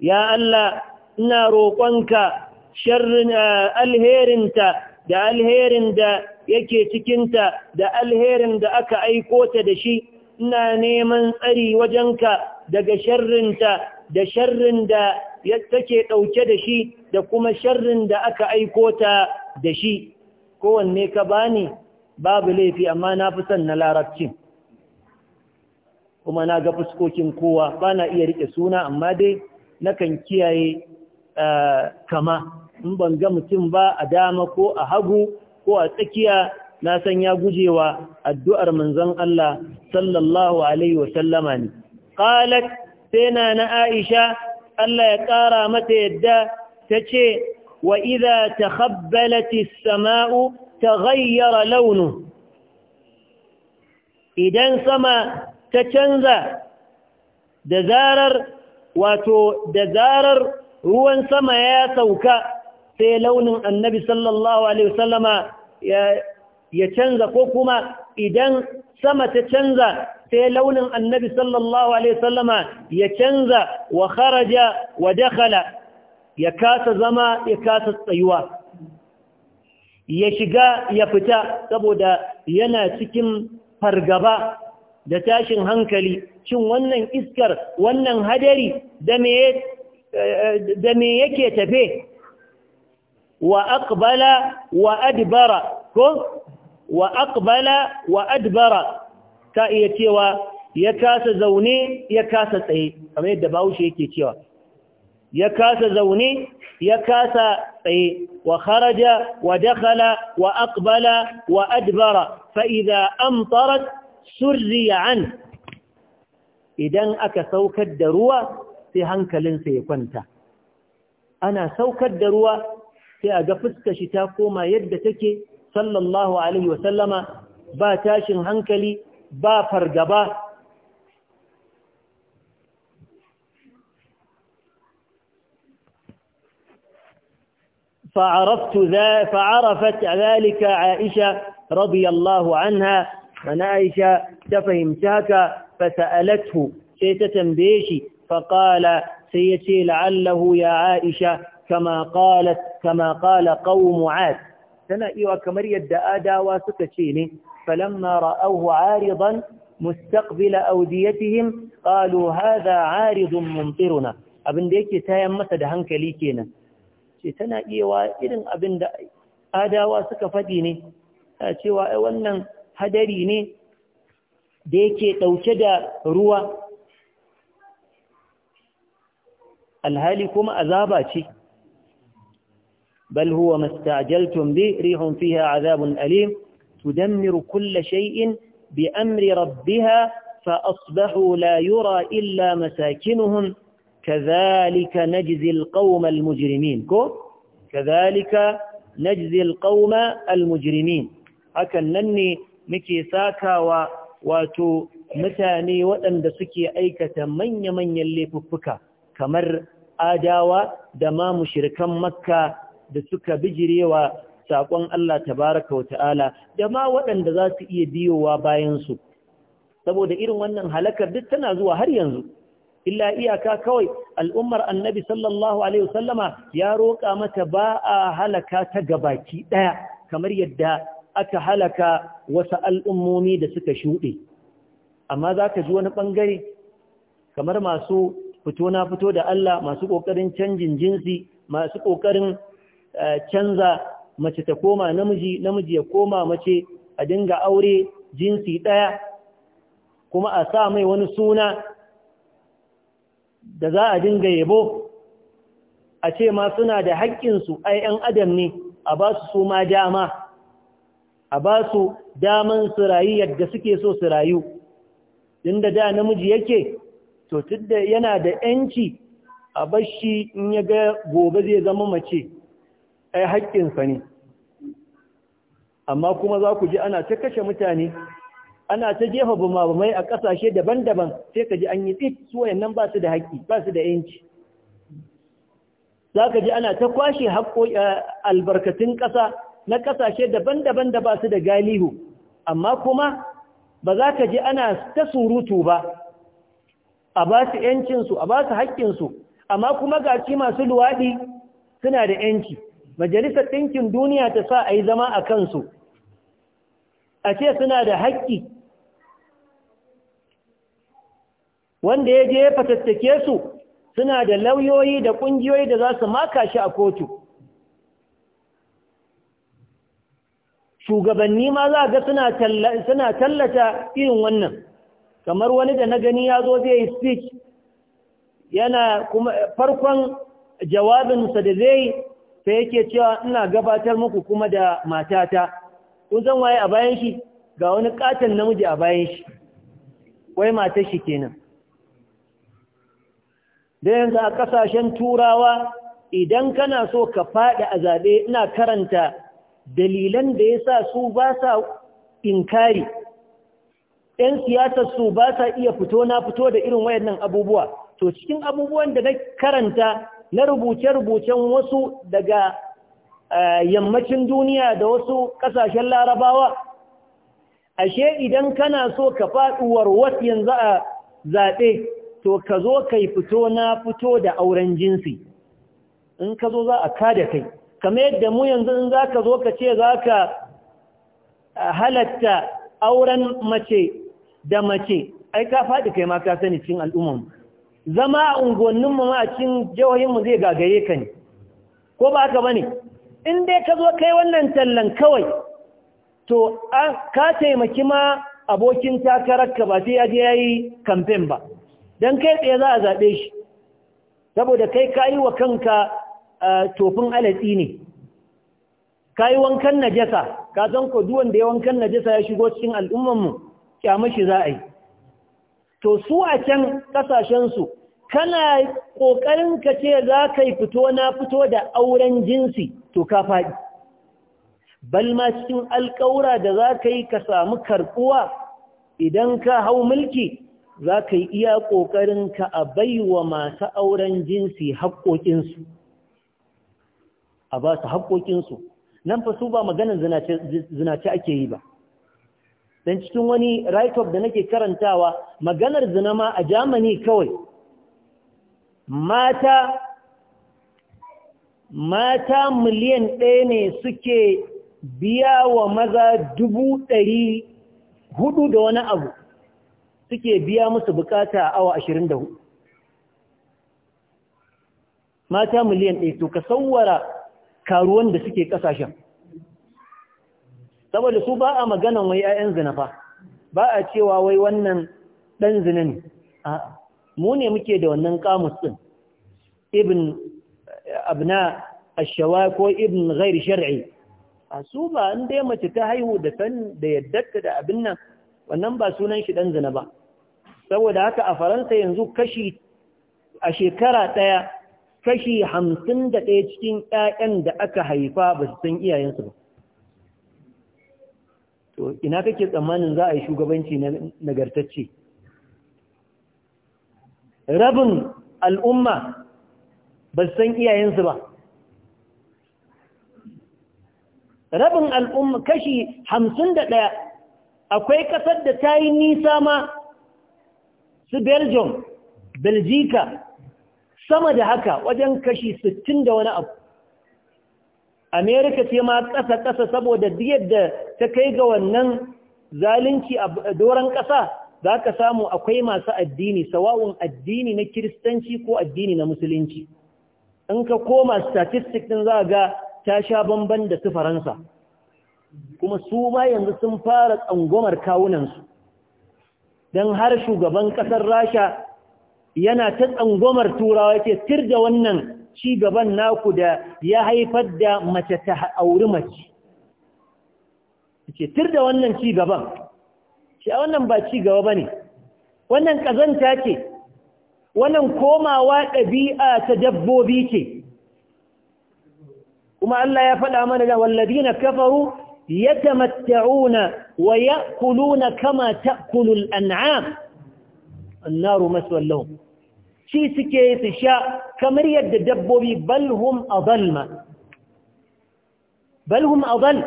يا الله إنا روقنك شر الهيرنت دا الهيرن دا yake cikinta da alherin da aka aiko ta da shi ina neman tsari wajenka daga sharrinta دا sharrin da take ɗauke da shi da kuma sharrin da aka aiko ta da shi kowanne ka bani babu laifi amma na fi son na larabcin kuma na ga fuskokin kowa ba na iya riƙe suna amma dai na kan kiyaye eh, kama in ban ga mutum ba a dama ko a hagu ko a tsakiya na san ya gujewa addu'ar manzon Allah sallallahu Alaihi wasallama ne. Ƙalat sai na na Aisha Allah ya ƙara mata yadda ta ce wa iza ta habbalati sama'u ta gayyara launu idan sama ta canza da zarar wato da zarar ruwan sama ya sauka sai launin annabi sallallahu alaihi wasallama ya canza ko kuma idan sama ta canza sai launin annabi sallallahu alaihi sallama ya canza wa kharaja wa dakhala ya kasa zama ya kasa tsayuwa ya shiga ya fita saboda yana cikin fargaba da tashin hankali cin wannan iskar wannan hadari da me yake tafe wa aqbala wa adbara ko wa aqbala wa adbara ka iya cewa ya kasa zaune ya kasa tsaye kamar yadda bahaushe yake cewa ya kasa zaune ya kasa tsaye wa kharaja wa dakhala wa aqbala wa adbara fa idza amtarat surriya an idan aka saukar da ruwa sai hankalinsa ya kwanta ana saukar da ruwa sai a ga fuskar shi ta koma yadda take sallallahu alaihi sallama ba tashin hankali با فرجبا فعرفت ذا فعرفت ذلك عائشة رضي الله عنها من عائشة تفهمتك فسألته سيتتنبيشي فقال سيتي لعله يا عائشة كما قالت كما قال قوم عاد tana iya kamar yadda adawa suka ce ne falamma ra'awhu 'aridan mustaqbila awdiyatihim qalu hadha 'aridun mumtiruna abin da yake tayan masa da hankali kenan ce tana iya wa irin abin da adawa suka faɗi ne cewa ai wannan hadari ne da yake ɗauke da ruwa alhali kuma azaba ce بل هو ما استعجلتم به ريح فيها عذاب أليم تدمر كل شيء بأمر ربها فأصبحوا لا يرى إلا مساكنهم كذلك نجزي القوم المجرمين كذلك نجزي القوم المجرمين أكن nan مكي ساكا و... واتو متاني وأن دسكي أيكة من يمن laifuffuka kamar كمر آجاوة ma mushrikan makka da suka bijirewa saƙon Allah tabaraka wa ta'ala da ma waɗanda za su iya biyowa bayansu saboda irin wannan halakar duk tana zuwa har yanzu illa iyaka kawai al'ummar annabi sallallahu alaihi wasallama ya roƙa mata ba a halaka ta gabaki ɗaya kamar yadda aka halaka wasu al'ummomi da suka shuɗe amma za ka ji wani ɓangare kamar masu fito na fito da Allah masu ƙoƙarin canjin jinsi masu ƙoƙarin Eh, canza mace ta koma namiji namiji ya koma mace a dinga aure jinsi ɗaya kuma a sa mai wani suna da za a dinga yabo a ce ma suna da haƙƙinsu ai ‘yan adam ne a ba su su ma dama a ba su daman su rayu yadda suke so su rayu inda da namiji yake to tunda yana da ‘yanci a bashi in ya ga gobe zai zama mace ai haƙƙinsa ne amma kuma za ku ji ana ta kashe mutane ana ta jefa bumabumai a ƙasashe daban-daban sai ka ji an yi tsit su wayannan ba su da haƙƙi ba su da yanci za ka ji ana ta kwashe eh, albarkatun ƙasa na ƙasashe daban-daban da ba su da galihu amma kuma ba za ka ji ana ta surutu ba a ba su ‘yancinsu a ba su haƙƙinsu amma kuma gaci masu luwaɗi suna da ‘yanci majalisar ɗinkin duniya ta sa a yi zama a kansu a ce suna da haƙƙi wanda ya je ya fatattake su suna da lauyoyi da ƙungiyoyi da za su maka shi a kotu shugabanni ma za ga suna tallata irin wannan kamar wani da na gani ya zo zai yi speech yana kuma farkon jawabinsa da zai sai yake cewa ina gabatar muku kuma da matata kun zan waye a bayan shi ga wani katon namiji a bayan shi wai matar shi kenan da yanzu a kasashen turawa idan kana so ka faɗi a zaɓe ina karanta dalilan da ya sa su ba sa inkari ‘yan siyasar su ba sa iya fito na fito da irin wayannan abubuwa to cikin abubuwan da na karanta na rubuce-rubucen wasu daga eh, yammacin duniya da wasu ƙasashen larabawa ashe idan kana so ka faɗuwar wasu yanzu a zaɓe to ka zo kai fito na fito da auren jinsi in ka zo za a kada kai kamar yadda mu yanzu in za ka zo ka ce za ka eh, halatta auren mace da mace ai ka faɗi kai ma ka sani cikin al'umman zama a unguwannin mu ma cikin jihohin mu zai gagaye ka ne ko ba haka ne? in dai ka zo kai wannan tallan kawai to ka taimaki ma abokin takararka ba sai ya je yayi kamfen ba don kai tsaye za a zaɓe shi saboda kai ka yi wa kanka tofin alatsi ne ka yi wankan najasa ka san ko duwan da ya wankan najasa ya shigo cikin al'ummanmu kyamashi za a yi to su a can ƙasashensu kana ƙoƙarin ka ce za ka yi fito na fito da auren jinsi to ka faɗi balma cikin alƙaura da za ka yi ka samu karɓuwa idan ka hau mulki za ka yi iya ƙoƙarin ka a baiwa masu auren jinsi haƙoƙinsu a ba su haƙoƙinsu nan fa su ba maganin zinace ake yi ba dan cikin wani write-up da nake karantawa maganar zina ma a Germany kawai mata mata miliyan ɗaya ne suke biya wa maza dubu ɗari hudu da wani abu suke biya musu bukata awa ashirin da hudu mata miliyan ɗaya to ka sauwara karuwan da suke ƙasashen saboda su ba a maganan wai 'ya'yan zina fa ba a cewa wai wannan ɗan zina ne a'a mu ne muke da wannan kamus ɗin ibn abna ashawa ko ibn ghairi shar'i a su ba an dai mace ta haihu da san da yaddarta da abin nan wannan ba sunan shi ɗan zina ba saboda haka a faransa yanzu kashi a shekara ɗaya kashi hamsin da ɗaya cikin 'ya'yan da aka haifa ba su san iyayensu ba to ina kake tsammanin za a yi shugabanci na nagartacce rabin al'umma ba san iyayensu ba rabin al'umma kashi hamsin da ɗaya akwai ƙasar da ta yi nisa ma su belgium belgica sama da haka wajen kashi sittin da wani abu amerika ce ma ƙasa-ƙasa saboda yadda ta kai ga wannan zalunci a doron ƙasa za ka samu akwai masu addini sawa'un addini na kiristanci ko addini na musulunci in ka koma statistik ɗin za ga ta sha bamban da su faransa kuma su ma yanzu sun fara tsangwamar kawunansu don har shugaban ƙasar rasha yana ta tsangwamar turawa ke tir da wannan ci gaban naku da ya haifar da mace ta auri mace ce tir da wannan ci gaban shi a wannan ba ci gaba bane wannan kazanta ce wannan komawa dabi'a ta dabbobi ce kuma Allah ya faɗa mana da walladina kafaru yatamatta'una wa ya'kuluna kama ta'kulu al'an'am annaru maswallahum ci suke su sha kamar yadda dabbobi balhum adal balhum adal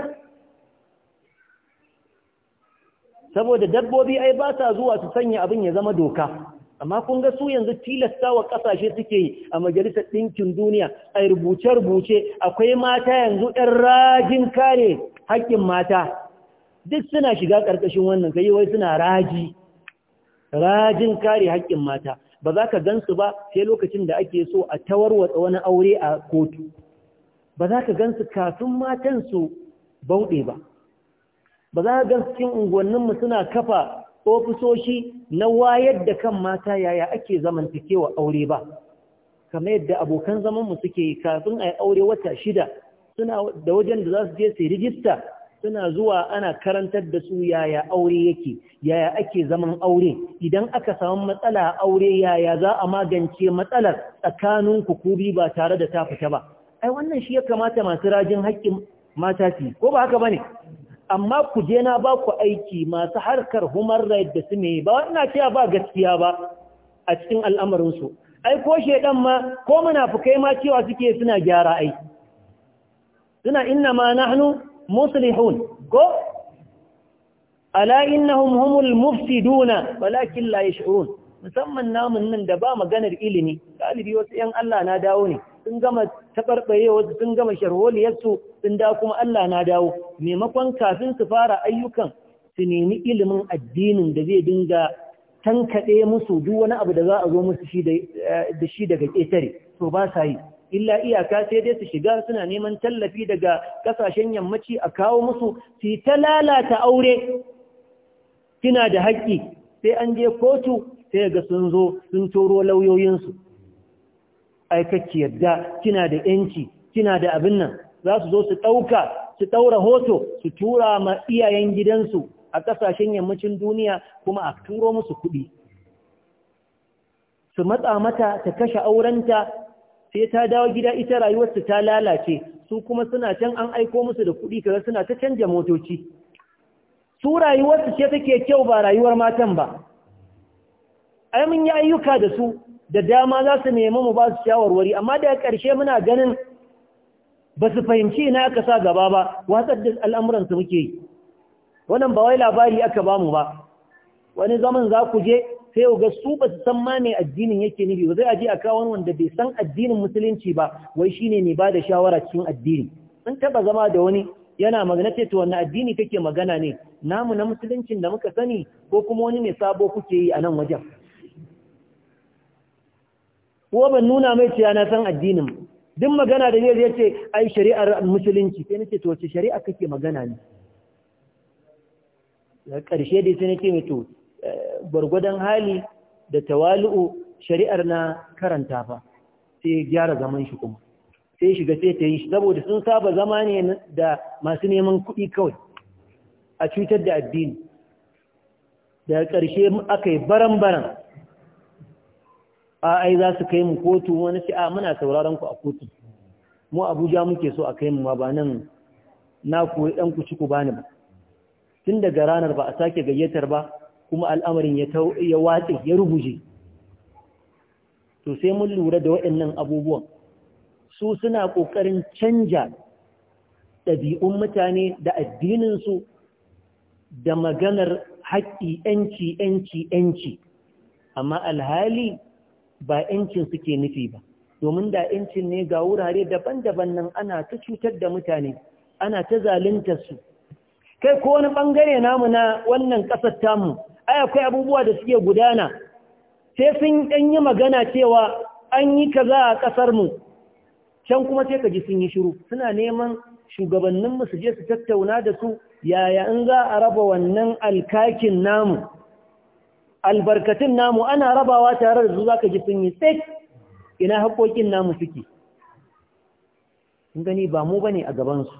saboda dabbobi ai ba sa zuwa su sanya abin ya zama doka amma kun ga su yanzu tilasta wa kasashe suke yi a majalisar ɗinkin duniya a rubuce-rubuce akwai mata yanzu ɗan rajin kare haƙƙin mata duk suna shiga ƙarƙashin wannan kai wai suna raji rajin kare haƙƙin mata ba za ka gan su ba sai lokacin da ake so a tawarwatsa wani aure a kotu ba za ka gan su kafin matan su bauɗe ba ba za ka gan su cikin unguwanninmu suna kafa ofisoshi na wayar da kan mata yaya ake zamantakewa aure ba kamar yadda abokan zamanmu suke kafin a yi aure wata shida suna da wajen da za su je su rijista suna zuwa ana karantar da su yaya aure yake yaya ake zaman aure idan aka samu matsala a aure yaya za a magance matsalar tsakanin bi ba tare da ta fita ba ai wannan shi ya kamata masu rajin haƙƙin mata su ko ba haka bane amma ku je na ba ku aiki masu harkar human right da su ne ba wannan cewa ba gaskiya ba a cikin al'amarin su ai ko shedan ma ko munafikai ma cewa suke suna gyara ai suna inna ma nahnu muslihun ko ala innahum humul mufsiduna walakin la yash'urun musamman namun nan da ba maganar ilimi galibi wasu yan Allah na dawo ne sun gama tabarbaye wasu sun gama sharholiyarsu sun da kuma Allah na dawo maimakon kafin su fara ayyukan su nemi ilimin addinin da zai dinga tankade musu duk wani abu da za a zo musu da shi daga ƙetare to ba sa yi illa iyaka sai dai su shiga suna neman tallafi daga kasashen yammaci a kawo musu su ta lalata aure kina da haƙƙi sai an je kotu sai ga sun zo sun toro lauyoyinsu aikacci yadda kina da ‘yanci kina da abin nan za su zo su ɗauka su ɗaura hoto su tura ma iyayen gidansu a ƙasashen yammacin duniya kuma a turo musu kuɗi su matsa mata ta kashe aurenta sai ta dawo gida ita rayuwarta ta lalace su kuma suna can an aiko musu da kuɗi kaga suna ta canja motoci su rayuwarsu ce take kyau ba rayuwar matan ba ai mun yi ayyuka da su da dama za su nemi mu ba su shawarwari amma daga ƙarshe muna ganin ba su fahimci ina aka sa gaba ba watsar da al'amuransu muke yi wannan ba wai labari aka ba mu ba wani zaman za ku je sai ga su ba su san ma mai addinin yake nufi ba zai aje a kawo wanda bai san addinin musulunci ba wai shine ne ba da shawara cikin addini sun taba zama da wani yana magana ce to wannan addini kake magana ne namu na musuluncin da muka sani ko kuma wani ne sabo kuke yi a nan wajen ko ban nuna mai cewa na san addinin duk magana da zai yace ai shari'ar musulunci sai nace to wace shari'a kake magana ne Ya ƙarshe dai sai nake mai to gwargwadon hali da tawali'u shari'ar na karanta fa sai gyara zaman shi kuma sai shiga sai ta yi shi saboda sun saba zama ne da masu neman kuɗi kawai a cutar da addini da ƙarshe aka yi baran-baran a ai za su kai mu kotu wani sai a muna sauraron ku a kotu mu abuja muke so a kai mu ba nan na ku ɗan ku ci ku bani ba tun daga ranar ba a sake gayyatar ba kuma al'amarin ya watse ya rubuje to sai mun lura da waɗannan abubuwan su suna ƙoƙarin canja ɗabi'un mutane da addininsu da maganar haƙƙi ‘yanci ‘yanci ‘yanci amma alhali ba ‘yancin suke nufi ba domin da ‘yancin ne ga wurare daban-daban nan ana ta cutar da mutane ana ta zalunta su kai ko wani ɓangare namu na wannan ƙasar tamu ai akwai abubuwa da suke gudana sai sun ɗan yi magana cewa an yi kaza a ƙasarmu. mu can kuma sai ka ji sun yi shiru suna neman shugabanninmu su je su tattauna da su yaya in za a raba wannan alkakin namu albarkatun namu ana rabawa tare da su za ka ji sun yi sai ina haƙoƙin namu suke sun gani ba mu ba ne a gabansu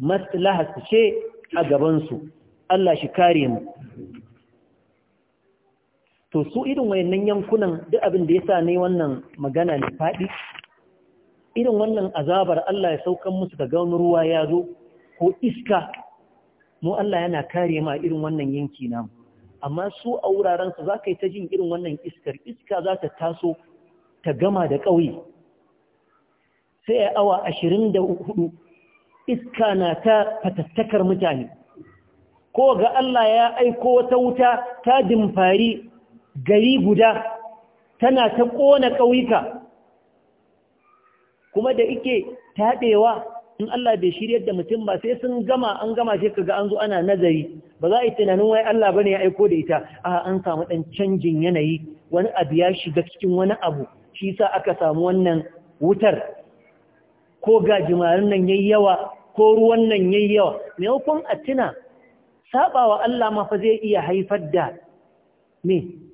maslahas ce a gabansu Allah shi kare mu to su irin wayannan yankunan duk abin da yasa ne wannan magana ne faɗi irin wannan azabar Allah ya saukan musu daga wani ruwa ya zo ko iska mu Allah yana kare ma irin wannan yanki namu amma su a wuraren su ka yi ta jin irin wannan iskar iska za ta taso ta gama da ƙauye sai a awa ashirin da hudu iska na ta fatattakar mutane ko ga Allah ya aiko wata wuta ta dimfari gari guda tana ta ƙona ƙauyuka kuma da ike taɗewa in Allah bai shirya da mutum ba sai sun gama an gama shi ga an zo ana nazari ba za a yi tunanin wai Allah bane ya aiko da ita a an samu ɗan canjin yanayi wani abu ya shiga cikin wani abu shi sa aka samu wannan wutar ko gajimarin nan yayi yawa ko ruwan nan yayi yawa maimakon a tuna sabawa Allah ma fa zai iya haifar da me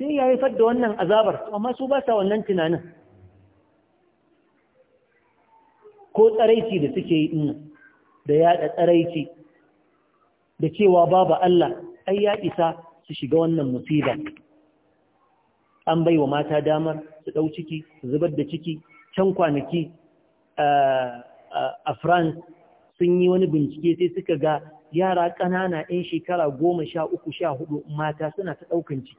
sai ya haifar da wannan azabar amma su ba sa wannan tunanin ko tsaraici da suke yi ina da yada tsaraici da cewa babu Allah ai ya isa su shiga wannan musiba an baiwa mata damar su dau ciki su zubar da ciki can kwanaki a France sun yi wani bincike sai suka ga yara ƙanana 'yan shekara goma sha uku sha hudu mata suna ta ɗaukan ciki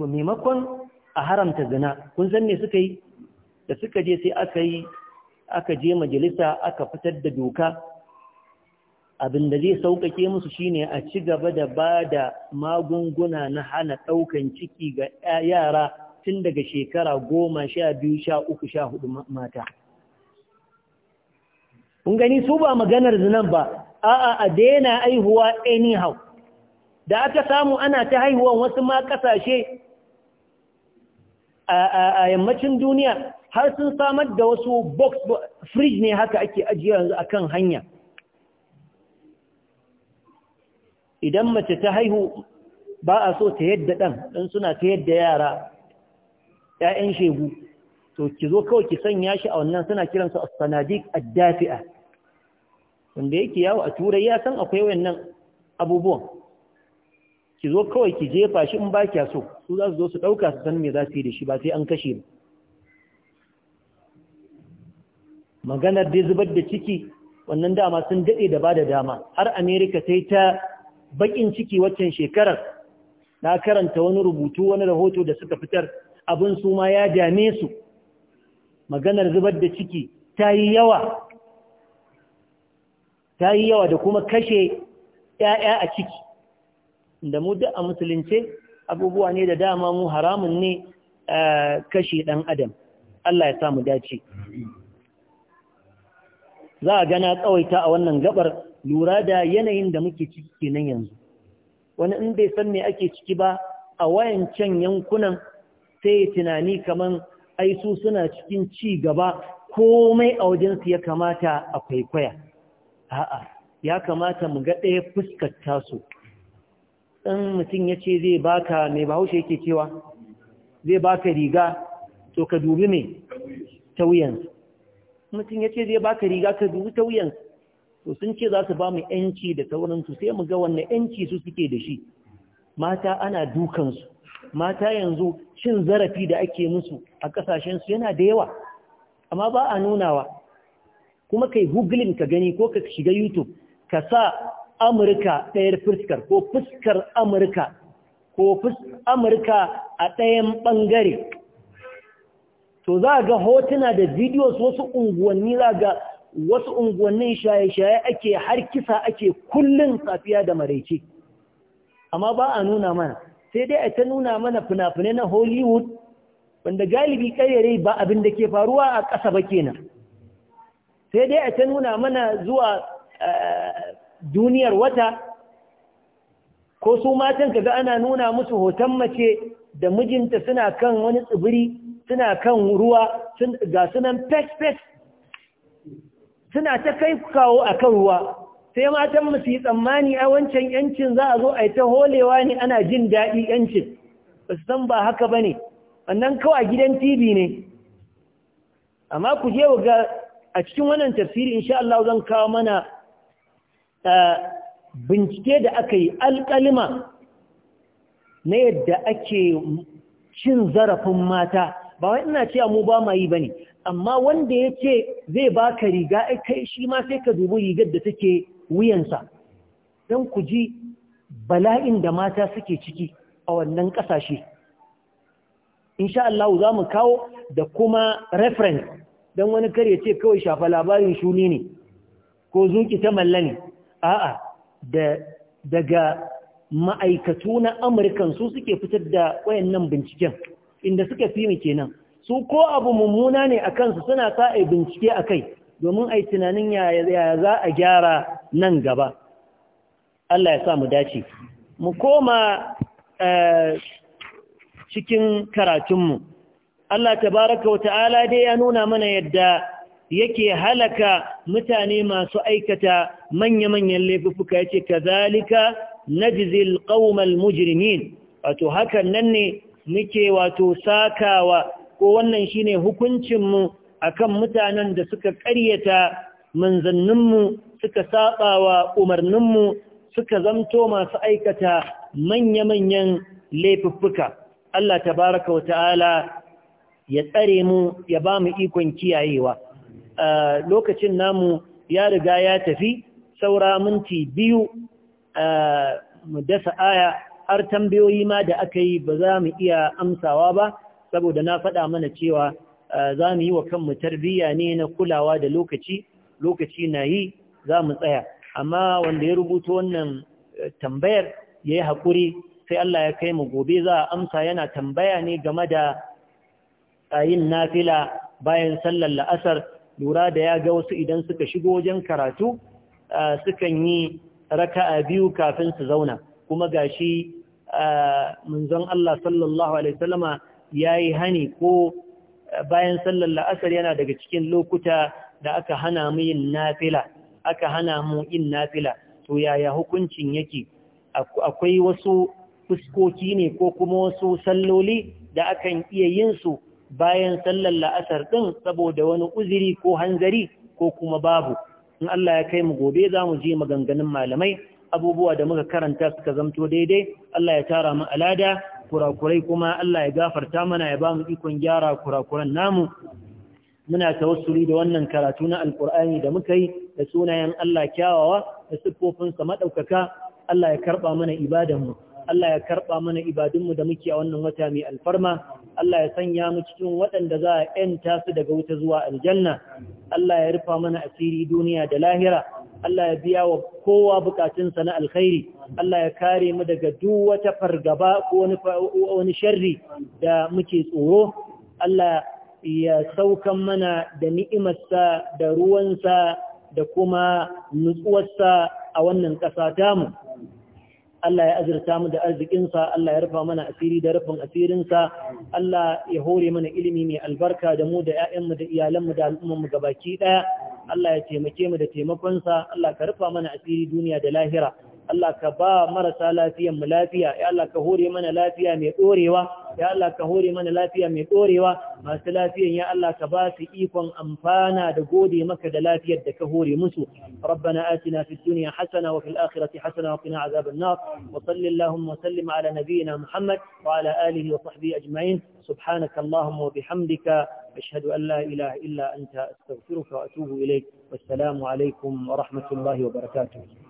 to maimakon a haramta zina kun san me suka yi da suka je sai aka yi aka je majalisa aka fitar da doka abin da zai sauƙaƙe musu shine a ci gaba da ba da magunguna na hana ɗaukan ciki ga yara tun daga shekara goma sha biyu sha uku sha hudu mata kun gani su ba maganar zinan ba a'a a daina aihuwa anyhow da aka samu ana ta haihuwan wasu ma ƙasashe a yammacin duniya har sun samar da wasu box fridge ne haka ake ajiye yanzu akan hanya idan mace ta haihu ba a so ta yadda ɗan ɗan suna ta yadda yara ‘ya'yan shegu to ki zo kawai ki sanya shi a wannan suna kiransu a sanadik a dafi'a wanda yake yawo a turai ya san akwai wannan abubuwan ki zo kawai ki jefa shi in ba kya so su za su zo su ɗauka su san me za su yi da shi ba sai an kashe ba maganar dai zubar da ciki wannan dama sun daɗe da ba da dama har amerika sai ta baƙin ciki waccan shekarar na karanta wani rubutu wani rahoto da suka fitar abin su ma ya dame su maganar zubar da ciki ta yi yawa ta yi yawa da kuma kashe ‘ya'ya a ciki da mu da a musulunce abubuwa ne da dama mu haramun ne kashi ɗan adam Allah ya samu dace za a gana tsawaita a wannan gabar lura da yanayin da muke ciki nan yanzu wani in bai san me ake ciki ba a wayan can yankunan sai tunani kamar ai su suna cikin ci gaba komai a wajensu ya kamata a kwaikwaya a'a ya kamata mu ga ɗaya fuskar tasu in mutum ya ce zai baka mai bahaushe yake cewa zai baka riga to ka dubi mai tauyansu mutum ya ce zai baka riga ka dubi tauyansu to sun ce za su ba mu yanci da sauransu sai mu ga wannan yanci su suke da shi mata ana dukansu mata yanzu cin zarafi da ake musu a kasashensu yana da yawa amma ba a nunawa kuma kai googling ka gani ko ka shiga youtube ka sa Amurka ɗayar fuskar ko fuskar Amurka ko Amurka a ɗayan ɓangare. To za ga hotuna da videos wasu unguwanni za ga wasu unguwannin shaye-shaye ake har kisa ake kullum safiya da maraice. Amma ba a nuna mana, sai dai a ta nuna mana fina-finai na Hollywood wanda galibi ƙayyare ba abin da ke faruwa a ƙasa ba kenan. Sai dai a ta nuna mana zuwa eh, duniyar wata ko su matan kaga ana nuna musu hoton mace da mijinta suna kan wani tsibiri suna kan ruwa ga sunan pet-pet suna ta kai kawo a kan ruwa sai matan musu yi tsammani a wancan yancin za a zo a yi ta holewa ne ana jin daɗi yancin ba su san ba haka ba ne wannan kawai gidan tv ne amma ku je ga a cikin wannan tafsiri insha Allah zan kawo mana bincike da aka yi alƙalima na yadda ake cin zarafin mata ba wani ina cewa mu ba ma yi bane amma wanda ya ce zai ba ka riga kai shi ma sai ka dubi rigar da take wuyansa don ku ji bala'in da mata suke ciki a wannan ƙasashe insha Allah za mu kawo da kuma reference don wani kar ya ce kawai shafa labarin shuni ne ko zuki ta mallani. a'a daga ma'aikatu na amurkan su suke fitar da wayannan binciken inda suka fi mu kenan su ko abu mummuna ne a kansu suna sa a bincike a kai domin a yi tunanin yaya za a gyara nan gaba Allah ya sa mu dace mu koma eh, cikin karatunmu Allah tabaraka wa ta'ala dai ya nuna mana yadda yake halaka mutane masu aikata manya-manyan laifuka ya kazalika na jizil ƙaumal mujirimin wato hakan nan ne muke wato sakawa ko wannan shi ne hukuncinmu a kan mutanen da suka ƙaryata manzanninmu suka saɓawa umarninmu suka zamto masu aikata manya-manyan laifuka. Allah tabaraka wa ta'ala ya tsare mu ya ba mu ikon kiyayewa lokacin namu ya riga ya tafi saura minti biyu mu dasa aya har tambayoyi ma da aka yi ba za mu iya amsawa ba saboda na faɗa mana cewa za mu yi wa kanmu tarbiyya ne na kulawa da lokaci lokaci na yi za mu tsaya amma wanda ya rubuta wannan tambayar ya yi haƙuri sai Allah ya kai mu gobe za a amsa yana tambaya ne game da yin nafila bayan sallar la'asar lura da ya ga wasu idan suka shigo wajen karatu sukan yi raka'a biyu kafin su zauna kuma gashi munzon Allah sallallahu alaihi wasallama yayi hani ko bayan sallar la'asar yana daga cikin lokuta da aka hana mu yin nafila aka hana mu yin nafila to yaya hukuncin yake akwai wasu fuskoki ne ko kuma wasu salloli da akan iya yin su bayan sallar la'asar ɗin saboda wani uziri ko hanzari ko kuma babu in Allah ya kai mu gobe za mu je maganganun malamai abubuwa da muka karanta suka zamto daidai Allah ya tara mu alada kurakurai kuma Allah ya gafarta mana ya ba mu ikon gyara kurakuran namu muna tawassuli da wannan karatu na alkur'ani da muka yi da sunayen Allah kyawawa da siffofinsa maɗaukaka Allah ya karba mana ibadanmu Allah ya karɓa mana ibadunmu da muke a wannan wata mai alfarma Allah ya sanya mu cikin waɗanda za a ‘yanta su daga wuta zuwa aljanna, Allah ya rufa mana asiri duniya da lahira, Allah ya biya wa kowa bukatunsa na alkhairi, Allah ya kare mu daga duk wata fargaba ko wani sharri da muke tsoro, Allah ya saukan mana da ni'imarsa da ruwansa da kuma nutsuwarsa a wannan ƙasa tamu. Allah ya azurta mu da arzikinsa, Allah ya rufa mana asiri da rufin asirinsa, Allah ya hore mana ilimi mai albarka da mu da ‘ya'yanmu da iyalanmu da al'ummanmu gabaki ɗaya, Allah ya taimake mu da taimakonsa, Allah ka rufa mana asiri duniya da lahira. Allah ka ba marasa lafiyan mu lafiya ya Allah ka hore mana lafiya mai dorewa ya Allah ka hore mana lafiya mai dorewa masu lafiyan ya Allah ka ba su ikon amfana da gode maka da lafiyar da ka hore musu rabbana atina fid dunya hasana wa fil akhirati hasana wa qina azaban nar wa sallallahu wa sallim ala nabiyyina muhammad wa ala alihi wa sahbihi ajma'in subhanaka allahumma wa bihamdika ashhadu an la ilaha illa anta astaghfiruka wa atubu ilayk wassalamu alaikum wa rahmatullahi wa barakatuh